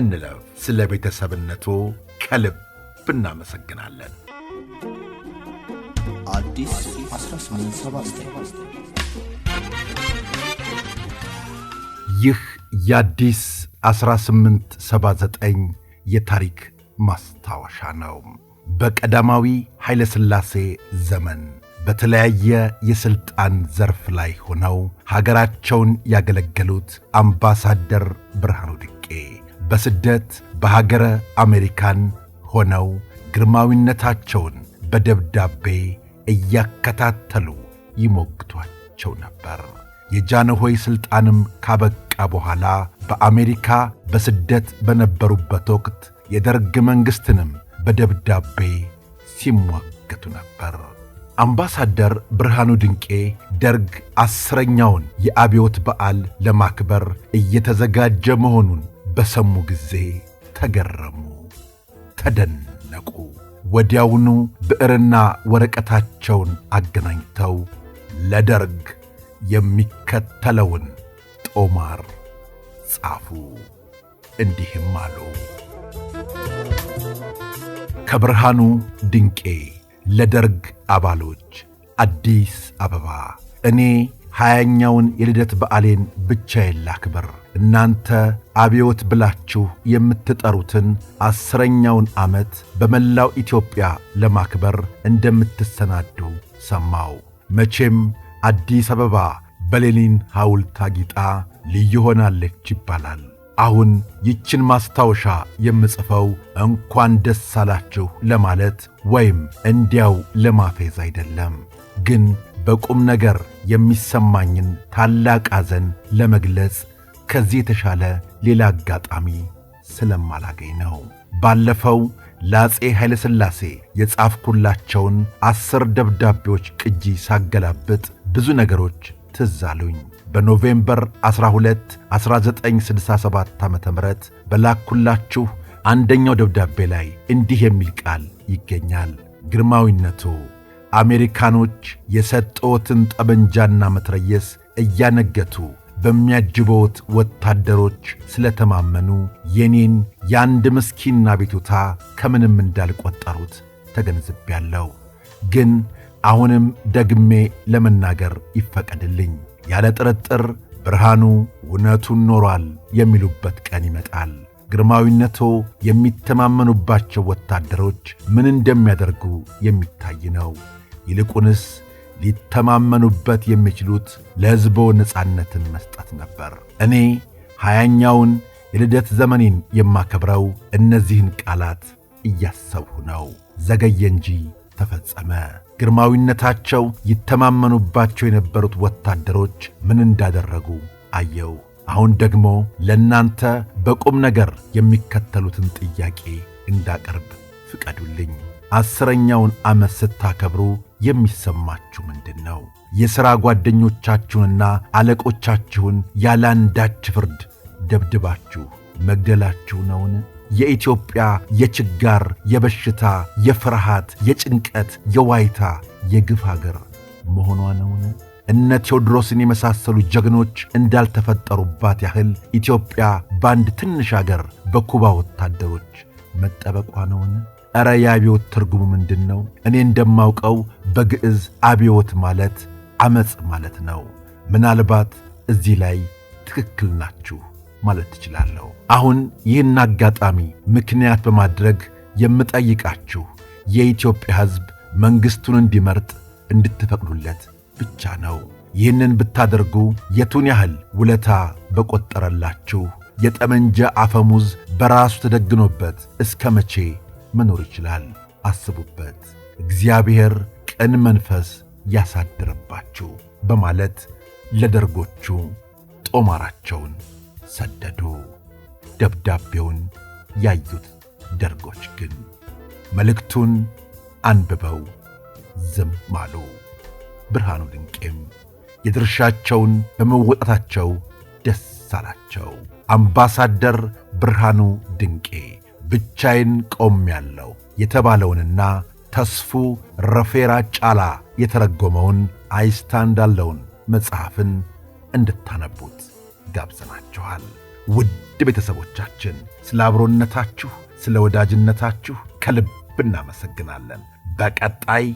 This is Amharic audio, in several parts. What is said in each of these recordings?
እንለፍ። ስለ ቤተሰብነቱ ከልብ እናመሰግናለን። ይህ የአዲስ 1879 የታሪክ ማስታወሻ ነው። በቀዳማዊ ኃይለ ሥላሴ ዘመን በተለያየ የሥልጣን ዘርፍ ላይ ሆነው ሀገራቸውን ያገለገሉት አምባሳደር ብርሃኑ ድቄ በስደት በሀገረ አሜሪካን ሆነው ግርማዊነታቸውን በደብዳቤ እያከታተሉ ይሞግቷቸው ነበር። የጃንሆይ ሥልጣንም ካበቃ በኋላ በአሜሪካ በስደት በነበሩበት ወቅት የደርግ መንግሥትንም በደብዳቤ ሲሟገቱ ነበር። አምባሳደር ብርሃኑ ድንቄ ደርግ አስረኛውን የአብዮት በዓል ለማክበር እየተዘጋጀ መሆኑን በሰሙ ጊዜ ተገረሙ፣ ተደነቁ። ወዲያውኑ ብዕርና ወረቀታቸውን አገናኝተው ለደርግ የሚከተለውን ጦማር ጻፉ። እንዲህም አሉ። ከብርሃኑ ድንቄ ለደርግ አባሎች አዲስ አበባ እኔ ሀያኛውን የልደት በዓሌን ብቻዬን ላክብር። እናንተ አብዮት ብላችሁ የምትጠሩትን አስረኛውን ዓመት በመላው ኢትዮጵያ ለማክበር እንደምትሰናዱ ሰማው። መቼም አዲስ አበባ በሌኒን ሐውልት አጊጣ ልዩ ሆናለች ይባላል። አሁን ይችን ማስታወሻ የምጽፈው እንኳን ደስ አላችሁ ለማለት ወይም እንዲያው ለማፌዝ አይደለም፣ ግን በቁም ነገር የሚሰማኝን ታላቅ ሐዘን ለመግለጽ ከዚህ የተሻለ ሌላ አጋጣሚ ስለማላገኝ ነው። ባለፈው ለአጼ ኃይለ ሥላሴ የጻፍኩላቸውን አስር ደብዳቤዎች ቅጂ ሳገላብጥ ብዙ ነገሮች ትዝ አሉኝ። በኖቬምበር 12 1967 ዓ ም በላኩላችሁ አንደኛው ደብዳቤ ላይ እንዲህ የሚል ቃል ይገኛል። ግርማዊነቱ አሜሪካኖች የሰጠዎትን ጠመንጃና መትረየስ እያነገቱ በሚያጅበዎት ወታደሮች ስለተማመኑ የኔን የአንድ ምስኪን አቤቱታ ከምንም እንዳልቆጠሩት ተገንዝቤያለሁ። ግን አሁንም ደግሜ ለመናገር ይፈቀድልኝ። ያለ ጥርጥር ብርሃኑ እውነቱን ኖሯል የሚሉበት ቀን ይመጣል። ግርማዊነቶ የሚተማመኑባቸው ወታደሮች ምን እንደሚያደርጉ የሚታይ ነው። ይልቁንስ ሊተማመኑበት የሚችሉት ለሕዝቦ ነፃነትን መስጠት ነበር። እኔ ሀያኛውን የልደት ዘመኔን የማከብረው እነዚህን ቃላት እያሰብሁ ነው። ዘገየ እንጂ ተፈጸመ። ግርማዊነታቸው ይተማመኑባቸው የነበሩት ወታደሮች ምን እንዳደረጉ አየው። አሁን ደግሞ ለእናንተ በቁም ነገር የሚከተሉትን ጥያቄ እንዳቀርብ ፍቀዱልኝ። አስረኛውን ዓመት ስታከብሩ የሚሰማችሁ ምንድን ነው? የሥራ ጓደኞቻችሁንና አለቆቻችሁን ያላንዳች ፍርድ ደብድባችሁ መግደላችሁ ነውን? የኢትዮጵያ የችጋር የበሽታ የፍርሃት የጭንቀት የዋይታ የግፍ አገር መሆኗ ነውን? እነ ቴዎድሮስን የመሳሰሉ ጀግኖች እንዳልተፈጠሩባት ያህል ኢትዮጵያ በአንድ ትንሽ አገር በኩባ ወታደሮች መጠበቋ ነውን? እረ የአብዮት ትርጉሙ ምንድን ነው? እኔ እንደማውቀው በግዕዝ አብዮት ማለት አመፅ ማለት ነው። ምናልባት እዚህ ላይ ትክክል ናችሁ ማለት ትችላለሁ። አሁን ይህን አጋጣሚ ምክንያት በማድረግ የምጠይቃችሁ የኢትዮጵያ ሕዝብ መንግሥቱን እንዲመርጥ እንድትፈቅዱለት ብቻ ነው። ይህንን ብታደርጉ የቱን ያህል ውለታ በቆጠረላችሁ የጠመንጃ አፈሙዝ በራሱ ተደግኖበት እስከ መቼ መኖር ይችላል። አስቡበት። እግዚአብሔር ቅን መንፈስ ያሳድርባችሁ በማለት ለደርጎቹ ጦማራቸውን ሰደዱ። ደብዳቤውን ያዩት ደርጎች ግን መልእክቱን አንብበው ዝም አሉ። ብርሃኑ ድንቄም የድርሻቸውን በመወጣታቸው ደስ አላቸው። አምባሳደር ብርሃኑ ድንቄ ብቻዬን ያለው የተባለውንና ተስፉ ረፌራ ጫላ የተረጎመውን አይስታንዳለውን መጽሐፍን እንድታነቡት ጋብዘናችኋል። ውድ ቤተሰቦቻችን ስለ አብሮነታችሁ፣ ስለ ወዳጅነታችሁ ከልብ እናመሰግናለን። በቀጣይ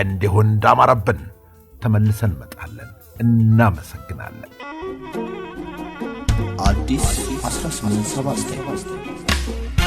እንዲሁን እንዳማረብን ተመልሰን እንመጣለን። እናመሰግናለን። አዲስ 1879